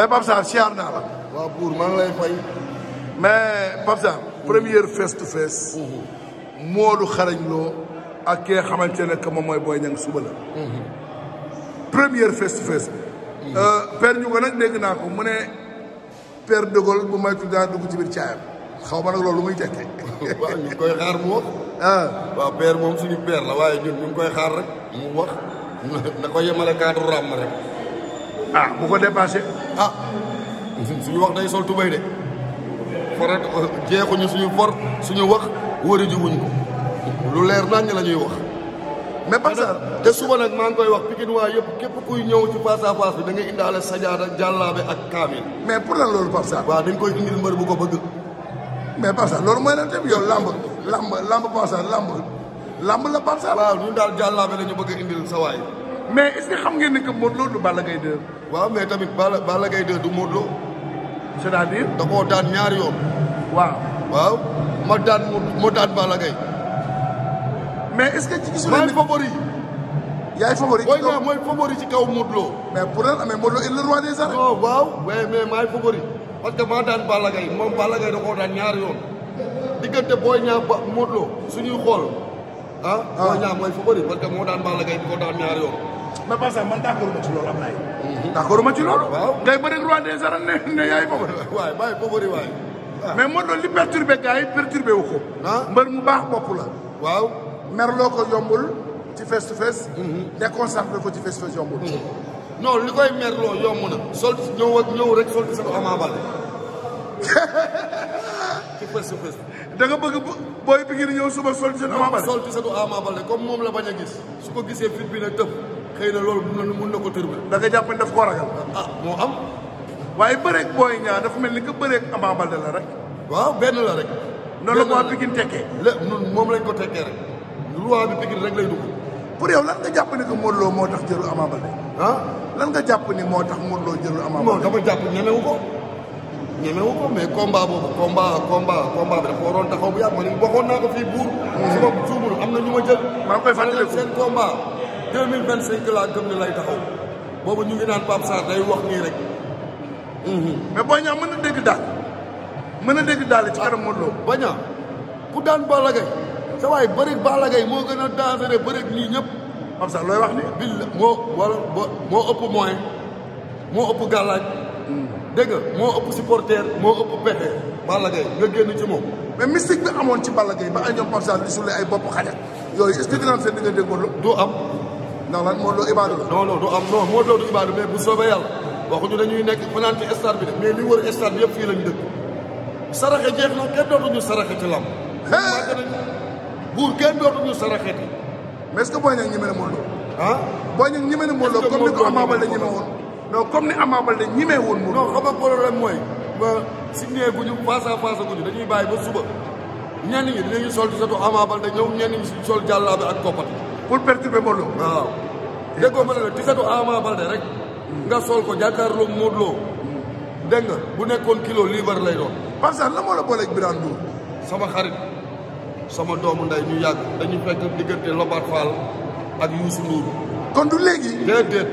mais Pape Sarr siyaar naa la. waa buur maa ngi lay fay. mais Pape Sarr. première face to face. Mhm. Modou Xarañ ak ki nga xamante ne moom mooy Boy Niang suba la. Mhm. première face to face. Mhm. Euh, père ñu ko nag dégg naa ko mu ne père de Gaulle bu may tudd dugg ci biir caayam xaw ma nag loolu muy tekkee. waaw koy xaar mu wax. ah waaw père moom suñu père la waaye ñun ñu koy xaar rek mu wax na ko yemale ram rek. ah bu ko dépassé. ah suñu wax day sol tubay de fara jeexuñu suñu for suñu wax wëri ji wuñ ko lu leer nañ la ñuy wax mais Babacar te suba nag maa ngi koy wax Pikine waa yëpp képp kuy ñëw ci face à face bi da ngay indaale sajaada jàllaabe ak kaamil mais pour lan loolu Babacar waaw dañ koy indil mbër bu ko bëgg mais Babacar loolu mooy lan tamit yow lamb lamb lamb Babacar lamb lamb la Babacar waaw ñun daal jàllaabe la ñu bëgg a indil sa waay mais est ce que xam ngeen ne que moom loolu waaw mais tamit Balla Balla Gaye 2 du Modou Lo. cest à koo daan ñaari yoon. waaw waaw ma daan ma daan Balla Gaye. mais est-ce que ci gisu leen. favori. yaay favori ci kaw mooy mooy favori ci kaw Modou Lo. mais pour maay favori. parce daan Balla moom Balla Gaye da koo daan ñaari yoon. diggante Boy Niang ba Modou suñuy xool ah Boy ah. Niang mooy favori parce moo daan Balla Gaye bi daan ñaari yoon mais parce que man d'accord ma ci loolu Ablaye. Mhm. d'accord ma ci loolu. waaw ngay bëri roi des arènes ne ne ah. moo doon li perturbé gars yi wu ko. Ah. mbër mu baax bopp la. waaw merloo ko yombul ci face to face. Mhm. déconcentré ko ci face to face yombul. Mhm. non li koy merloo yomb na. sol ñëw ak ñëw rek sol sa Ama Baldé. ci face to face. da nga bëgg booy moom la bañ a gis su ko gisee fit bi na tëb. xëy na loolu mun na mun na ko tërbi da nga jàpp ne daf koo ragal ah moo am waaye bëreeg booy ñaar dafa mel ni nga bëreeg Ama Baldé la rek waaw benn la rek noonu la lé nun lañ ko tekkee rek roi lay dugg pour yow lan nga jàpp ne que Modou Lo moo tax jëlu Ama Baldé ah lan nga jàpp ni moo tax Modou Lo jëlu Ama Baldé dama jàpp ñemewu ko ñemewu ko mais combat boobu combat combat combat bi dafa bu yàgg ma ni bokkoon naa ko fii buur hmm. su ma juumul am na ñu ma jël maa ngi koy fàttaliku seen combat deux mille vingt laa gëm lay taxaw boobu ñu ngi naan Pape Sarr day wax nii rek. Mhm. mais Boy Niang mën na dégg daal mën a dégg daal ci kanam Modou Lo. Boy ku daan Balla Gaye sa waay bëri Balla Gaye moo gën a dangereux bëri ñii ñëpp. Pape Sarr looy wax nii. bil la moo wala moo ëpp moyen moo ëpp gàllaaj. Mhm. dégg nga moo ëpp supporter moo ëpp pexe Balla Gaye nga ci moom. mais mystique amoon ci Balla Gaye ba ay ñoom ay bopp xaja yooyu est-ce que dina du am. ndax lan Modou Lo ibaadu la. non non du am non Modou Lo du ibaadu mais bu soobee yàlla waxuñu dañuy nekk fanaan ci stade bi de mais li wër bi yëpp dëkk. saraxe jeex na kenn dootuñu saraxe ci lam. buur kenn dootuñu saraxe ci. mais est-ce que booy ñoom ñeme na Modou Lo. ah booy na Modou Lo comme ni ko Ama mooy ba signé guñu face à face guñu dañuy bàyyi ba suba ñenn ñi dinañu sol di sa toog Ama Baldé ñëw ñenn ñi sol jàllaabe ak koppati pour perturber Modou Lo. waaw déggoo ma ne la tisatu Ama rek hmm. nga sol ko jàkkaarloog Modou Lo hmm. dégg nga bu nekkoon kilo liibar lay doon. parce que la moo la booleeg Birane Ndour sama xarit sama doomu nday ñu yàgg dañu fekk diggante Lobaat Fall ak Youssou Ndour. kon du léegi. déedéet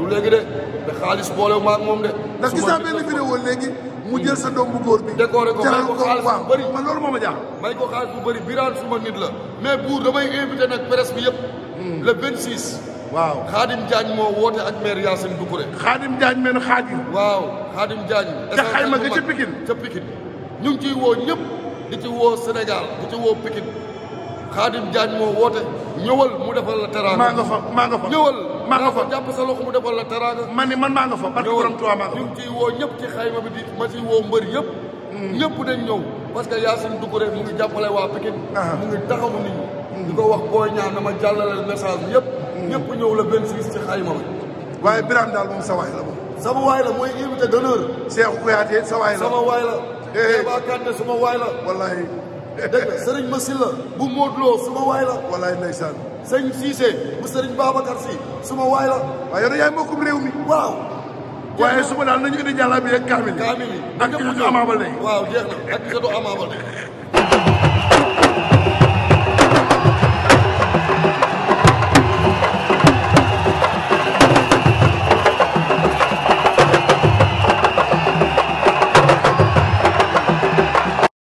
du léegi de te xaalis boolewuma ak moom de. su ma gis ndax gis naa léegi. mu jël sa doom bu góor bi. décoré ko may ko xaalis bu bëri man loolu moo ma jaaxal. may ko la. mais buur damay invité nag presse bi yëpp. Hmm. le 26. waaw Khadim Diagne moo woote ak maire Yacine Doucouré. Khadim Diagne men Khadim. waaw Khadim Diagne. ca xayma ga ma Pikine ca Pikine. ñu ngi woo ñëpp di ci woo senegal di ci woo Pikine Khadim Diagne moo woote ñëwal mu defal la teraanga. maa nga fa maa nga fa ñëwal. man nga fa jàpp sa loxo mu defal la teraanga man ni man maa nga fa barke borom woo ñëpp ci xayma bi di ma ciy woo mbër yëpp mm. ñëpp dañ ñëw parce que Yacine Doucouré mu ngi jàppale waa Pikine ah. mu ngi taxawu nit ñi mm. di ko wax booy ñaan na ma jàllale message bi yëpp mm. ñëpp ñëw la benn siis ci xayma bi waaye Birame daal moom sa waay la moom sama waay la mooy invité d'honneur Cheikh Kouyaté sa waay la sama waay la Kéba eh. Kanté sama waay la wallaahi dëgg la sëriñ Masila bu Modou Lo suma waay la. walaay ndeysaan. sëñ Cissé bu sëriñ Babacar Si suma waay la. waaye yow yaay mbokkum réew mi. waaw. waaye suba daal nañu indi jàllaa bi rek kaamil. kaamil ak gisatu amaabal lay. waaw jeex na ak gisatu amaabal lay.